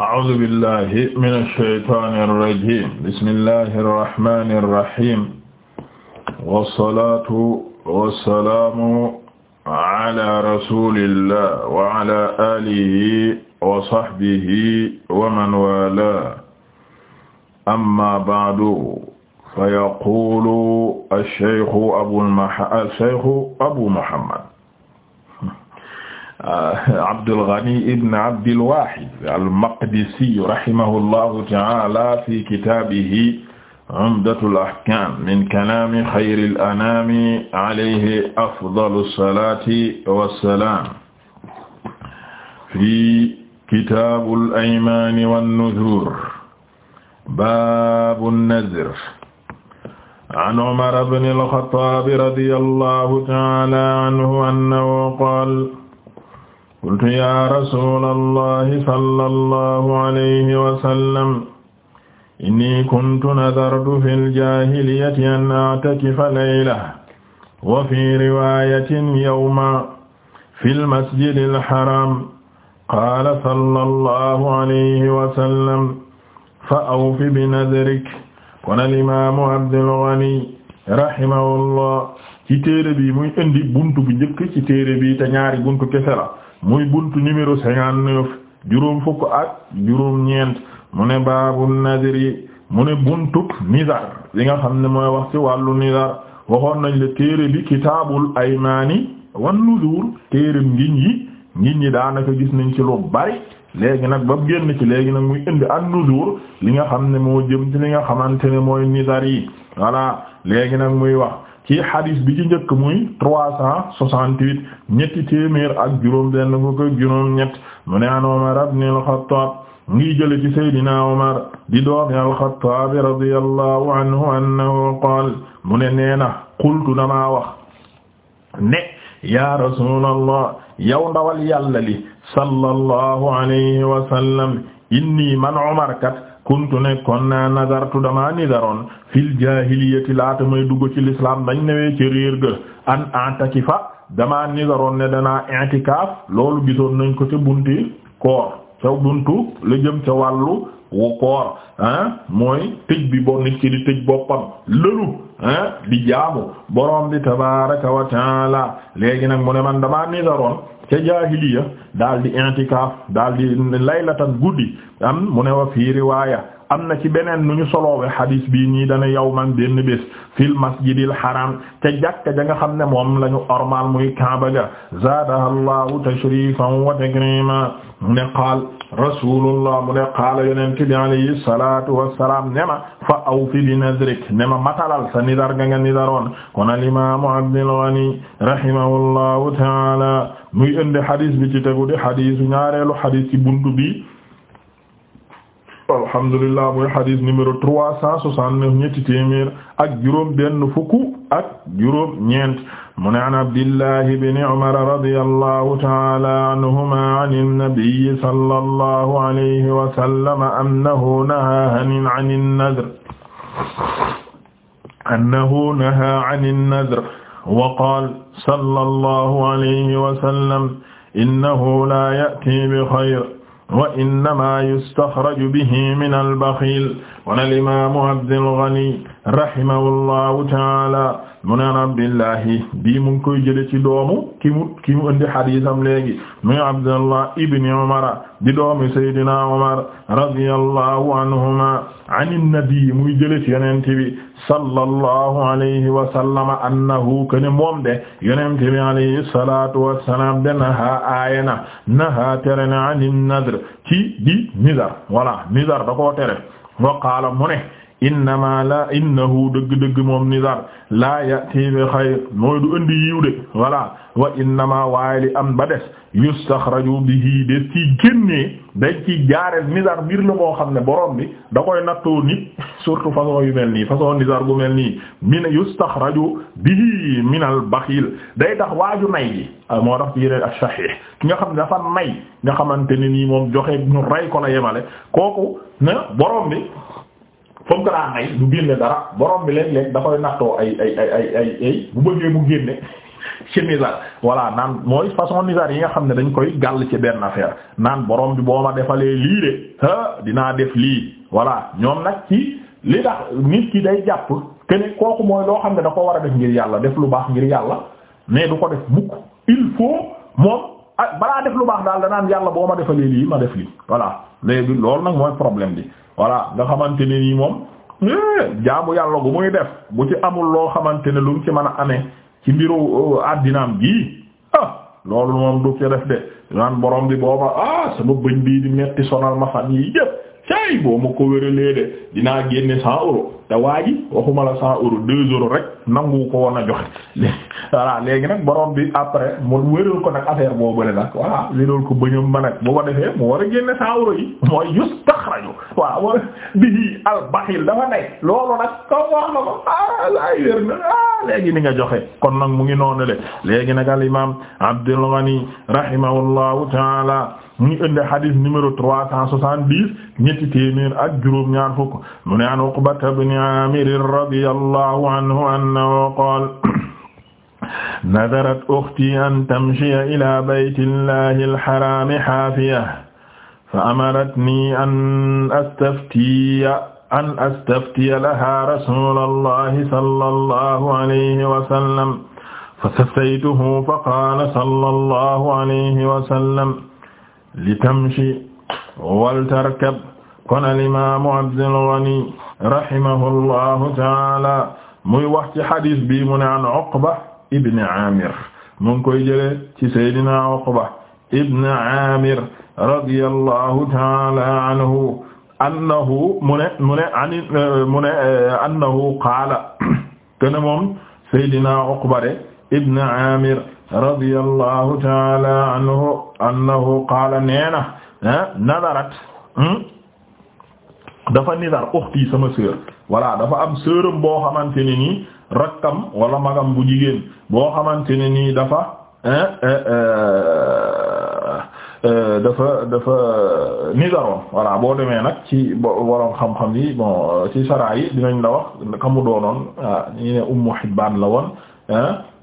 أعوذ بالله من الشيطان الرجيم بسم الله الرحمن الرحيم والصلاة والسلام على رسول الله وعلى آله وصحبه ومن والاه أما بعد فيقول الشيخ أبو الشيخ أبو محمد Abdul Ghani ibn Abdil Wahid al-Maqdisi rahimahullahu ta'ala fi kitaabihi Umdatul Ahkam min kalaami xayril anaami alayhi afdalus salaati wassalaam fi kitaabul aymaani wan-nuzuur baabun nazr an Umar ibnil Xattaab radiyallahu ta'ala anhu annahu qaala qultu ya rasula allahi sala allahu alayhi wasallam inni kuntu nadartu fi ljahiliyati an atakifa layla wa fi riwayatin yawma fi lmasjidi alxaram qaala sala allahu alayhi wasallam fa awfi binadrik kon alimamu abdulgani rahimahullah ci téere bi muy indi buntu bu njëkk ci téere bi te ñaari buntu kese la muy buntu numéro cinquante-neuf juróom fukk ak juróom ñeent mu ne baabu nazir yi mu ne buntuk nizar li nga xam ne mooy wax ci wàllu nizar waxoon nañ le téere bi kitaabul aymaani wan nuzur téere ngiñ yi ngiñ yi daanaka gis nañ ci lu bari léegi nag ba génn ci léegi nag muy indi an nuzur li nga xam ne moo jëm ci li nga xamante ne mooy nizar yi voilà léegi nag muy wax ci hadith bi ci njëkk muy trois cent soixante-huit ñetti téeméer ak juróom benn fukk ak juróom ñett mu ne an Umar ibn al-Khattab ngi jële ci Seydina Umar di doomi al-Khattab radiyallahu anhu annahu qaal mu ne nee na qultu damaa wax ne ya rasulallah yow ndawal yàlla li sallallahu alayhi wa sallam inni man Umar kat na kuntu nekkoon naa nazartu damaa nizaroon fil jaahiliyati laata may dugg ci l'islam dañ ne newee ci réer ga an antakifa damaa nizaroon ne dana intikaaf loolu gisoon nañ ko ca bunti koor ca buntu la jëm ca wàllu wu koor mooy tëj bi boo ki di tëj boppam lëlu di jaamu borom bi tabaraka wa taala léegi nag mu ne man damaa nidaroon ca jaahiliya daal di intikaaf daal di laylatan guddi am mu ne wa fii riwaaya am na ci beneen nu ñu soloowe xadiis bii ñii dana yawman benn bés fil masjidil haram te jàkka ja nga xam ne moom lañu ormal muy kaaba ga zaadaha allahu tashrifan wa takrima mu ne qaal rasulullah mu ne qaala yonente bi alayhi salatu wassalam ne ma fa awfi bi nadrik ne ma matalal sa nidar ga nga nidaroon kon al imaamu Abdul Ghani rahimahullahu taala muy indi xadiis bi ci tegu di xadiisu ñaareelu xadiis ci buntu bi alhamdulilah muy hadith numéro trois cent soixante-neuf ñetti téeméer ak juróom benn fukk ak juróom ñeent mu ne an abdillahi ibn umar radiyallahu ta'ala anhuma an an-nabi sallallahu alayhi wa sallam annahu naha an an-nadr annahu naha an an-nadr wa qala sallallahu alayhi wa sallam innahu la ya'ti bi khayr wa innama yustaxraju bihi min al-baxiil wa al-imaamu Abdul Ghani rahimahullahu taala mu ne an abdillahi bii mu ngi koy jële ci doomu ki mu ki mu indi xadiisam léegi muy abdullah ibni umara di doomi saydina umar radiyallahu anhuma an innabii muy jële ci yonente bi sallallahu alayhi wa sallama annahu kene moom de yonente bi alayhi salatu wassalam de naha aayana naha tere na an in nadr ci di nizar wala nizar da koo tere wa qaala mu ne innama la innahu dëgg-dëgg moom nizar laa yati bi xayr mooy du indi yiw de voilà wa innama waaye li am ba des yustaxraju bihi des ci génnee dañ ci jaareel nizar mbir la moo xam ne borom bi da koy nattoo nit surtout façon yu mel nii façon nizar gu mel nii min yustaxraju bihi min al baxil day tax waaju nay ji ah, moo tax ci yeneen ak ki nga xam ne dafa nay nga xamante ne nii moom joxe ñu rey ko la yemale kooku na borom bi comme que daa nay du génne dara borom bi léeg-léeg dafay koy ay ay ay ay ay ay bu bëggee mu génne ci misar voilà naan mooy façon misar yi nga xam ne dañ koy gàll ci benn affaire naan borom bi boo ma defalee lii de ha dinaa def lii voilà ñoom nag ci li tax nit ki day jàpp te kooku mooy loo xam ne da ko war a def ngir yàlla def lu baax ngir yàlla mais du ko def mukk il faut moom ah balaa def lu baax daal danaan yàlla boo ma defalee lii ma def lii voilà léegi loolu nag mooy problème bi voilà nga xamante ne nii moom eh, jaamu yàlla gu muy def bu ci amul loo xamante ne lu mu ci mën a amee ci mbiru euh, àddinaam gii ah, loolu moom du ci def de naan borom bi booba ah sama bëñ bii di metti sonal ma fan yi yépp tey boo ma ko wéralee de dinaa génne cent euros te waa waxuma la cent euros deux euros rek nangu ko woon a joxe voilà léegi nag borom bi après mu wéral ko nak affaire boobu la nag voilà wéral ko bëñam ma nag bu ko defee mu war a génne cent euros yi mooy yustaxraju waaw bihi al-baxil dafa nekk loolu nag kaw wax na ko ah laay wér na ah léegi ni nga joxe kon nag mu ngi noonu de léegi nag al imam Abdul Ghani rahimahullahu taala mu ngi indi hadith numéro trois cent soixante-dix ñetti téeméer ak juróom ñaar fukk mu ne an Uqbata ibn Amir radiyallahu anhu annahu qaala nadarat ukhti an tamshiya ila bayti llahi alharami haafiya fa amaratni an astaftiya an astaftiya laha rasula allahi sallallahu alayhi wa sallam fastaftaytuhu faqaala sallallahu alayhi wa sallam li tamshi wal tarkab kon al imaamu Abdul Ghani rahimahullahu taala muy wax ci hadis bi mu ne an Uqba ibn Amir mu ngi koy jëlee ci Seydina Uqba ibn Amir radiyallahu taala anhu annahu mu ne mu ne ani mu ne annahu qaala kana moom Seydina Uqba de ibn Amir radiyallahu ta'ala anhu annahu qaala neena ah, nadarat hmm? dafa nidar uxti sama sœur voilà dafa am sœuram boo xamante ne nii rakkam wala magam bu jigéen boo xamante ne nii dafa eh, eh, eh, dafa dafa nidaroon voilà boo demee nag ci borom xam-xam yi bon ci saraa yi dinañ la wax ka mu doonoon ah, ñi ne Ummu Hibbaan la woon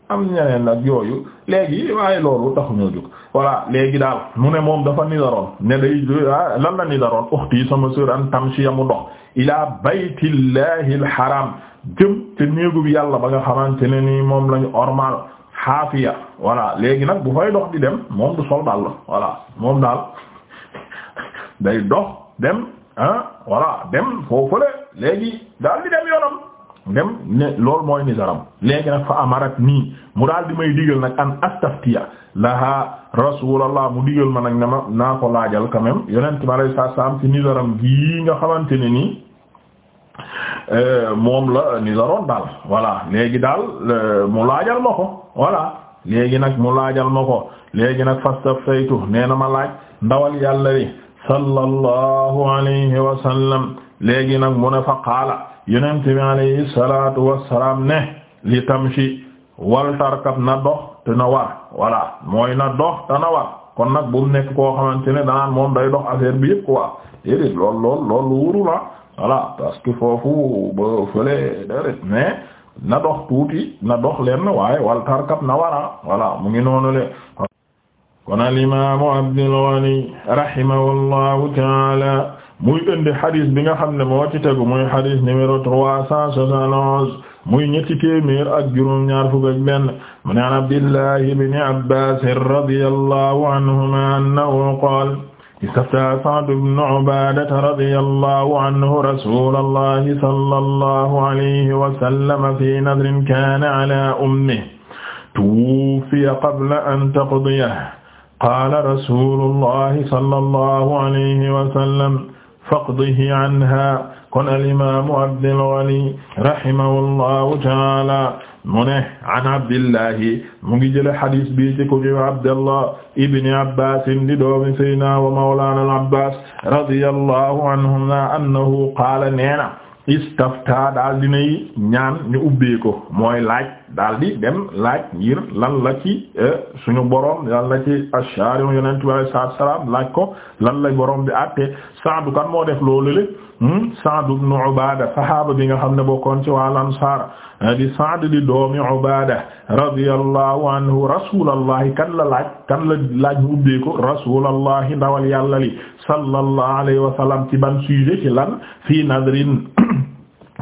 am ñeneen nag yooyu léegi waaye loolu taxuñoo jóg voilà léegi daal mu ne moom dafa nidaroon ne day ah lan la nidaroon uxti sama sœur an tamshiya mu dox ila baytillahi alxaram jëm te néegu bi yàlla ba nga xamante ne moom lañu ormal xaafiya voilà léegi nag bu fay dox di dem moom du sol daal la voilà moom daal day dox dem ah voilà dem foofule léegi daal di dem yoonam dem ne loolu mooy nizaram léegi nag fa amarat nii mu daal di may digal nag an astaftiya laha rasulallah mu digal ma nag ne ma naa ko laajal quand même yonent ma lay saam ci nizaram gii nga xamante ne nii euh, moom la nizaroon daal voilà léegi daal euh, mu laajal ma ko voilà léegi nag mu laajal ma ko léegi nag fastaftaytu nee na ma laaj ndawal yàlla li sallallahu alayhi wa sallam léegi nag mu ne fa qaala yonent bi alayhi salaatu wassalaam ne li tamshi wal tarkab na dox te na war voilà mooy na dox te na war kon nag bu nekk koo xamante danaan moom day dox affaire bi yëpp quoi déedéet lool lool loolu wuru la voilà foofu ba fële déedéet mais na dox tuuti na dox leen waaye wal tarkab na wara voilà mu ngi le kon al imaamu Abdul Ghani rahimahullahu muy indi xadis bi nga xam ne moo ci tegu muy xadis numéro trois cent soixante onze muy ñetti téeméer ak juróom-ñaar fukk ak benn mu ne an abdillahi ibni abbas radiyallahu anhuma annahu qaal istafta sa'd ibn ubadata radiyallahu anhu rasulallahi sallallahu alayhi wa sallam fi nadrin kana ala ummihi tuwuffiya qabla an taqdiyahu qaala rasulullahi sallallahu alayhi wa sallam faqdihi anha kon alimamu Abdul Ghani rahimahullahu taala mu ne an abdillahi mu ngi jële xadis bi ci ko ñëw abdallah ibni abbasin di doomi sayyidina wa mawlana al abbas radiyallahu anhuma annahu qaala neena istafta daal dinay ñaan ñu ubbee mooy laaj daal di dem laaj ngir lan la ci eh, suñu borom lan la ci ashari yonent bi alayhi salaatu salaam laaj ko lan la borom bi àtte Saadu kan moo def loolu le hmm? Saadu ibn Ubaada sahaaba bi nga xam ne bokkoon ci waa Ansaar eh, di Saad di doomi Ubaada radiyallahu anhu rasulallahi kan la laaj kan la laaj mu ubbee ko ndawal yàlla li sallallahu ci ban sujet ci lan fii nadrin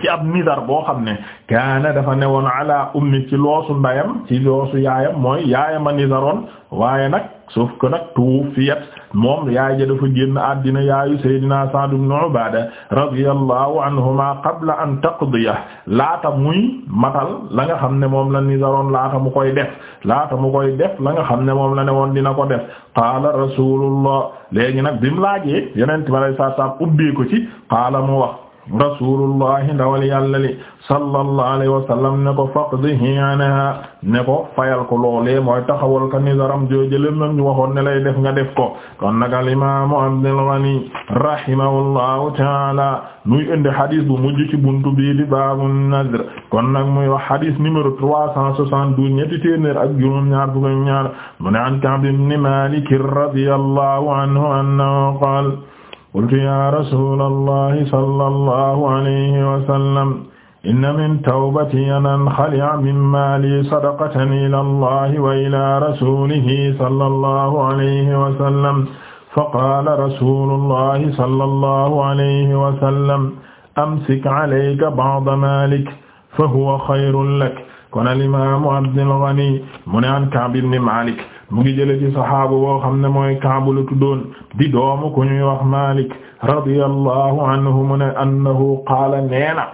ci ab nidar boo xam ne kaana dafa newoon ala ummi ci loosu ndayam ci loosu yaayam mooy yaayama nidaroon waaye nag sauf ko nag tuufiyat moom yaay ja dafa génn àddina yaayu Seydina Sa'd ibn Ubaada radiyallahu anhuma qabla an taqdiya laata muy matal la nga xam ne moom la nizaroon laata mu koy def laata mu koy def la nga xam ne moom la ne woon dina ko def qaala rasulullah léegi nag bi mu laajee yeneen ma lay sa sa ubbee ko ci qaala mu wax rasulullahi ndawal yàlla li sallallahu alayhi wa sallam ne ko faqdihi anha ne ko fayal ko loolee mooy taxawal ka nizaram joojële même ñu waxoon ne lay def nga def ko kon nag al imaamu Abdul Ghani rahimahullahu taala nuy indi hadis bu mujj ci buntu bii di baabun nadr kon nag muy wax hadis numéro trois cent soixante-douze ñetti téeméer ak juróom-ñaar bu ñaar mu ne an Ka'b ibn Malik radiyallahu anhu annahu qaala qultu ya rasula allahi sala allahu alayhi wasallam inna min tawbati an anxalia min maali sadaqatan ila allahi wa ila rasulihi sala allahu alayhi wasallam faqaala rasulullahi sala allahu alayhi wasallam amsik alayka ba'da maalik fahuwa xayrun lak kon alimaamu Abdul Ghani mu ne an Ka'b ibn Maalik mu ngi jële ci sahaaba boo xam ne mooy Kaab la tuddoon di doomu ku ñuy wax Maalik radiyallahu anhu mu ne annahu qaala neena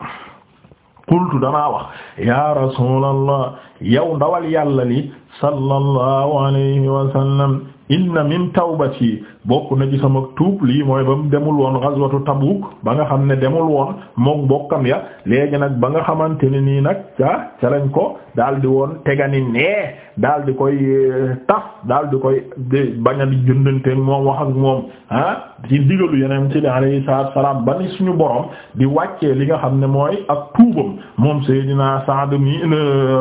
qultu damaa wax ya rasulallah yow ndawal yàlla li sallallahu alayhi wa sallam inna min tawbati bokk na ci sama tuub lii mooy ba mu demul woon ghazwatu Tabuk ba nga xam ne demul woon mook bokkam ya léegi nag ba nga xamante ne nii nag ca ko daal di woon tegani nee daal di koy euh, taf daal di koy bañ a di moom wax ak moom ah ci digalu yeneen suñu borom di wàccee li nga xam ne mooy ak moom Seydina Sa'd euh, mi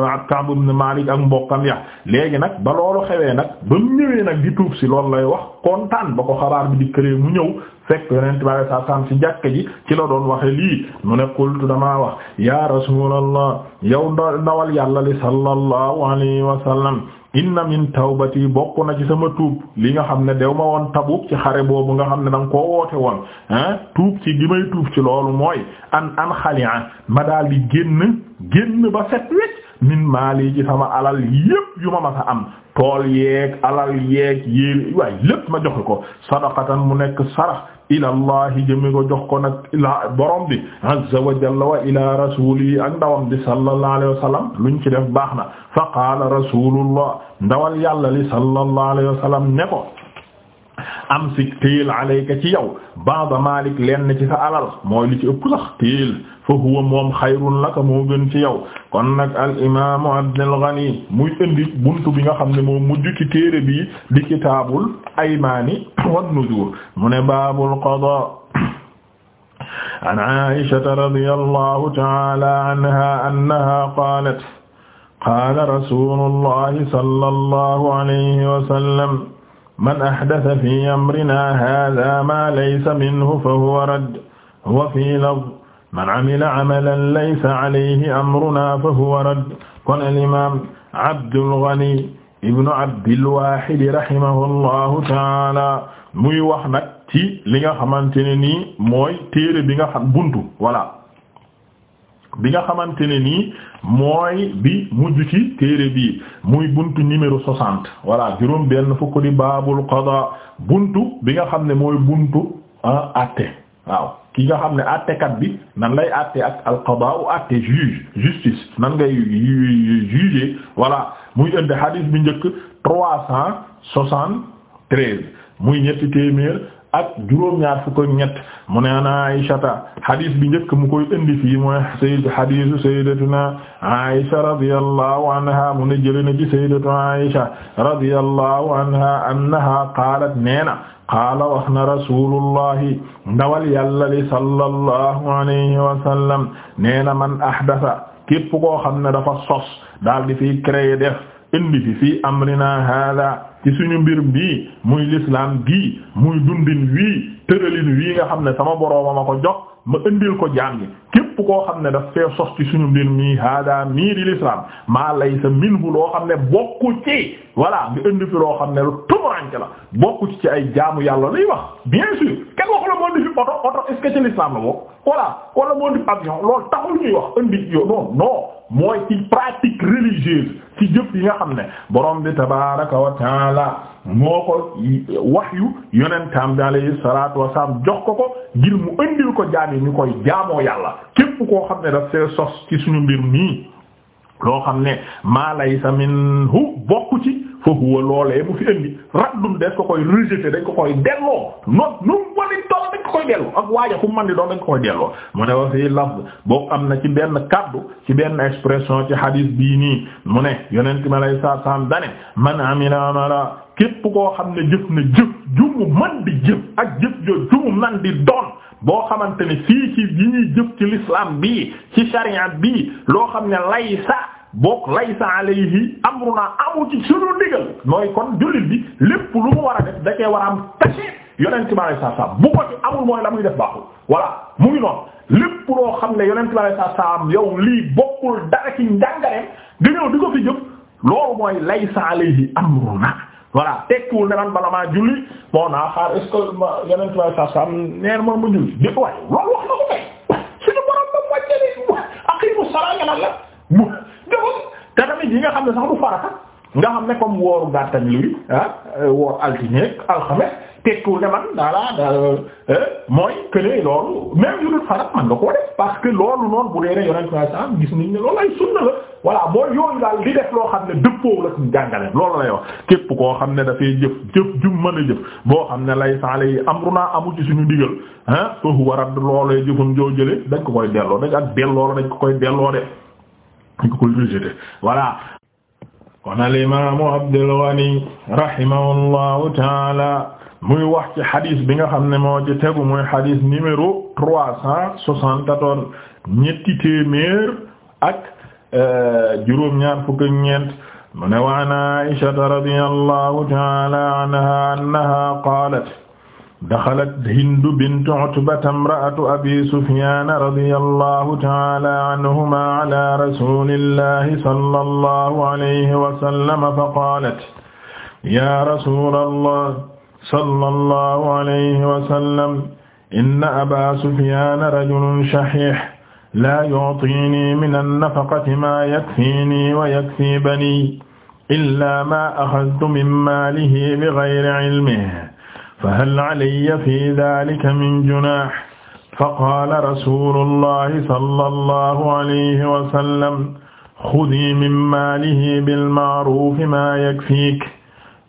ak ak mbokkam ya léegi nag ba loolu xewee nag ba mu ñëwee nag di tuub si loolu lay wax kontaan Ghassan ba ko xabaar bi di këlee mu ñëw fekk yonent bi saa saam ci jàkka ji ci la doon waxe lii mu ne qultu damaa wax ya rasulallah yow ndawal yàlla li sallallahu alayhi wa sallam inna min tawbati bokk na ci sama tuub li nga xam ne dew ma woon Tabuk ci xare boobu nga xam ne danga ko koo woote woon ah tuub ci gi may tuub ci loolu mooy an an xalia ma daal di génn génn ba set wecc min maali ci sama alal yépp yu ma masa am tool yeeg alal yeeg yéel waaye lépp ma joxe ko sadaqatan mu nekk sarax ila allah jëmi ko jox ko nag ila borom bi azza wa jalla wa ila rasuli ak ndawam bi sallallahu alayhi wa sallam luñ ci def baax na fa qaala rasulullah ndawal yàlla li sallallahu alayhi wa sallam ne ko am sik téel alayka ci yow ba'da malik lenn ci alal mooy li ci ëpp sax fa huwa moom xayrun laka moo gën ci yow kon nag al imaamu Abdul Ghani muy indi buntu bi nga xam ne moo mujj ci téere bi di kitaabul aymaani wan nuzuur mu ne baabul qadaa an Aysata radiyallahu ta'ala anha annaha qaalat qaala rasuulullahi sallallahu alayhi wa sallam man ahdasa fi amrinaa haaza maa laysa minhu fa huwa radd wa fii lafz man amila amalan laysa alayhi amruna fa huwa radd kon al-imaam Abdul Ghani ibnu Abdil Waahid rahimahullahu taala muy wax nag ci li nga xamante ne nii mooy téere bi nga xam buntu voilà bi nga xamante ne nii mooy bi mujj ci téere bi muy buntu numéro soixante voilà juróom benn fukk di baabul qada buntu bi nga xam ne mooy buntu ah àtte waaw ki nga xam ne àttekat bi nan lay àtte ak alqadaa u àtte juge justice nan ngay juger voilà muy indi hadith bi njëkk trois cent soixante treize muy ñetti téeméer ak juróom-ñaar fukk ak ñett mu ne ana Aysata hadith bi njëkk mu koy indi fii mooy sayyid hadithu sayyidatuna Aysa radiyallahu anha mu ne jëlee na ci sayyidatuna Aysa radiyallahu anha annaha qaalat neena qaala wax na rasulullahi ndawal yàlla li sallallahu alayhi wa sallam neena man ahdasa képp koo xam ne dafa sos daal di fiy créer def indi fi fii amrina hada ci suñu mbir mii muy lislaam gi muy dundin wii tëralin wii nga xam ne sama borooma ma ko jox ma indil ko jaam ñi képp koo xam ne daf fee sos ci suñu mbir mii hada mii di lislaam maa laysa minhu loo xam ne bokku ci voilà nga indi fi loo xam ne lu tumuranke la bokku ci ay jaamu yàlla lay wax bien sûr kenn waxu la moo di oto oto est ci lislaam la bokk voilà wala moo di avion loolu taxul ñuy wax indi yo non non mooy ci pratique religieuse ci jëf yi nga xam ne borom bi tabaaraka wa taala moo ko wahyu yonentam bi alayhi salaatu wa salaam jox ko ko ngir mu andil ko jaam yi koy jaamoo yàlla képp koo xam ne daf see sos ci suñu mbir nii loo xam ne maa laysa minhu bokk ci fa huwa loolee mu fi indi raddun des ko koy rejeté dañ ko koy delloo non nu mu doon dañ ko koy delloo ak waaja fu man di doon dañ ko koy delloo mu ne wa fii lafz boo am na ci benn kàddu ci benn expression ci hadith bii nii mu ne yonent mi alayhi salaatu salaam dane man amila amala képp koo xam ne jëf na jëf jumu man di jëf ak jëf joo jumu man di doon boo xamante ne fii ci yi ñuy jëf ci l'islam bii ci sharia bii loo xam ne laysa boog laysa alayhi amruna amu ci sunu ndigal mooy kon jullit bi lépp lu mu war a def da cee war a am tase yonent bi sallallahu alayhi bu ko ci amul mooy la muy def baaxul voilà mu ngi noonu lépp loo xam ne yonent bi sallallahu alayhi yow lii bokkul dara ci njàngaleem nga ñëw di ko fi jëf loolu mooy laysa amruna voilà tekkiwul ne man bala maa julli bon naa xaar est-ce que yeneen tubaab sax sax neen man ma julli dépp waaye loolu wax na ko tey suñu borom ba mu wàccee nii aqimu salaa nga naan la mu defoo te tamit yi nga xam ne sax du farata nga xam ne comme wooru gàttañ luy ah woor altine alxames tekkiwul ne man daala euh, euh, mooy que loolu même jullit farat man nga koo def parce que loolu noonu bu dee ne yonent na sa gis nañ ne loolu ay sunna la mooy yooyu daal di def loo xam ne dëppoo la suñ jàngale loolu lay wax képp koo xam ne dafay jëf jëf jum mën a jëf boo xam ne lay saala yi amruna amu ci suñu digal ah foofu war a loolee jëfam joo jële dañ ko koy delloo dañ ak delloo la dañ ko koy delloo de dañ ko koy rejeter voilà kon al imaamu Abdul muy wax ci xadis bi nga xam ne moo ci tegu muy xadis numéro trois cent soixante-quatorze ñetti téeméer ak euh, juróom-ñaar fukk ak ñeent mu ne wa an Aysata radiyallahu ta'ala anha annaha qaalat daxalat Hindu bintu Utbata imra'atu abi Sufyaan radiyallahu ta'ala anhumaa ala rasuulillahi sallallahu alayhi wa sallam fa qaalat ya rasuulallah sallallahu alayhi wa sallam inna aba sufyaan rajulun shahiih laa yu'tiinii mina nafaqati maa yakfiinii wa yakfii banii illaa maa axadtu min maalihi bighayri ilmihi fahal alayya fii dhaalika min junaah faqaala rasuulullaahi sallallahu alayhi wa sallam xudii min maalihi bilma'ruufi maa yakfiiki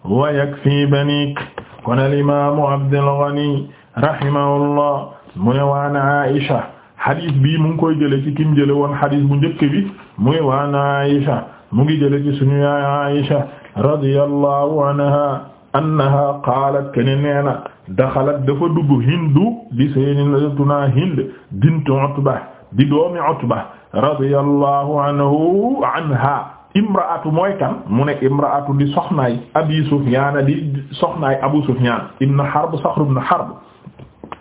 wa yakfii baniiki kon alimamu abdulgani rahimahullah mu ne waan aisha xadis bii mu ngi koy jële ci kim jële woon xadis bu njëkk bi muy waan aisha mu ngi jële ci suñu yaay aisha radiyallahu anha annaha qaalat kene nee na daxalat dafa dugg hindu di sayyidatuna hind bintu utba di doomi utba radiyallahu anhu anha imraatu mooy kan mu ne imraatu di soxnaay abi Sufyaan di soxnaay abu Sufyaan ibn Harb Saxr ibn Harb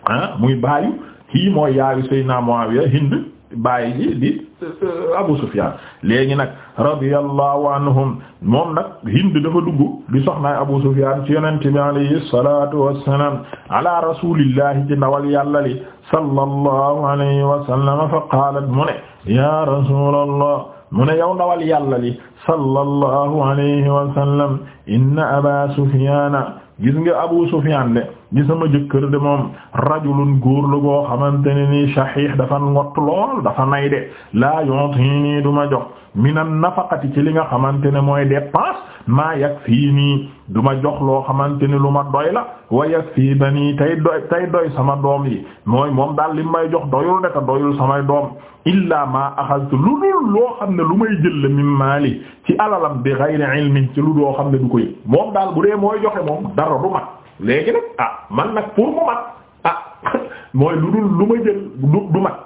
ah muy baayu kii mooy yaayu Seydina Muawiya Hind baayu ji di euh, abu Sufyaan léegi nag radiyallahu anhum moom nag Hind dafa dugg di soxnaay abu Sufyaan ci yonent bi alayhi salaatu wassalaam ala rasuulillahi ci ndawal yàlla li sallallahu alayhi wa sallam fa qaalat mu ne ya rasuulallah mu ne yow ndawal yàlla li sallallahu alayhi wa sallam inna aba sufyaana gis nga abu sufyaan de di sama jëkkër de moom rajulun góor la goo xamante ne nii shahih dafa ngott lool dafa nay de laa yu'tini du ma jox minan nafaqati ci li nga xamante ne mooy dépense maa yakfini duma jox loo xamante ne lu ma doy la wa yakfi bani tay doy tay doy sama doom yi mooy moom daal li may jox doyul de te doyul doom illa ma axastu lu dul loo xam ne lu may jël min maali ci alalam bi ghayri ilmin ci lu doo xam ne du ko moom daal bu mooy joxe moom dara du mat léegi nag ah man nag pour mu mat ah mooy lu dul lu ma jël du mat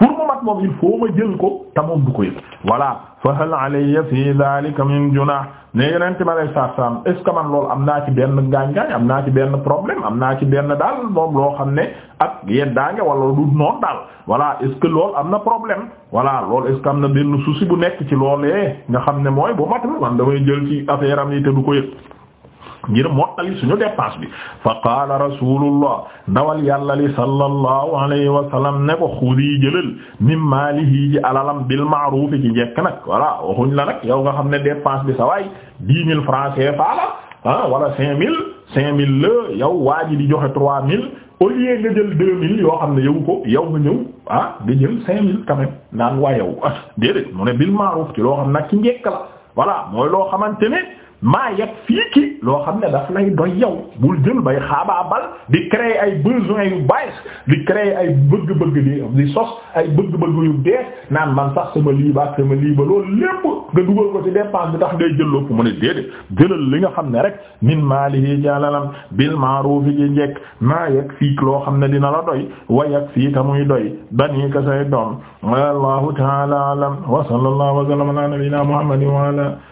pour mu mat moom il faut ma jël ko te moom du ko yëg voilà fa hal alayya fi dhalika min junah ne yenente mi alayi saatu salam est ce man loolu am naa ci benn ngaañ-ngaañ am naa ci benn problème am naa ci benn daal moom loo xam ne ak yeddaange wala du noon daal voilà est ce am na problème voilà loolu est am na benn souci bu nekk ci loolee nga xam ne mooy bu matul man damay jël ci affaire am yi te du ko yëg ngir mottali suñu dépense bi fa qaala rasulullah ndawal yàlla li alayhi wa sallam ne ko xudi jëlal min maalihi ji alalam bil ma'ruf ci njekk nag waxuñ la nag nga xam ne dépense bi sa waay dix mille francs CFA la ah wala cinq mille cinq mille la yow waa ji di joxe trois mille au lieu nga jël yoo xam ne yow ko yow nga ñëw ah nga jël cinq mille waa yow ah mu ne bil ma'ruf ci loo xam nag ci njekk la voilà mooy loo xamante ne maa yegg fii ki loo xam ne daf lay doy yow bul jël bay xaabaabal di créer ay besoins yu baax di créer ay bëgg-bëgg di di sos ay bëgg-bëgg yu bees naan man sax sama lii ba sama lii ba loolu lépp nga dugal ko ci dépense bi tax ngay jël lépp mu ne déedéet jëlal li nga xam ne rek min maalihi jalalam bil ma'ruf ji njekk maa yegg fii loo xam ne dina la doy wa yegg fii ta muy doy bani ka say doom wallahu ta'ala alam wa sallallahu wa sallama ala nabiyyina muhammadin wa ala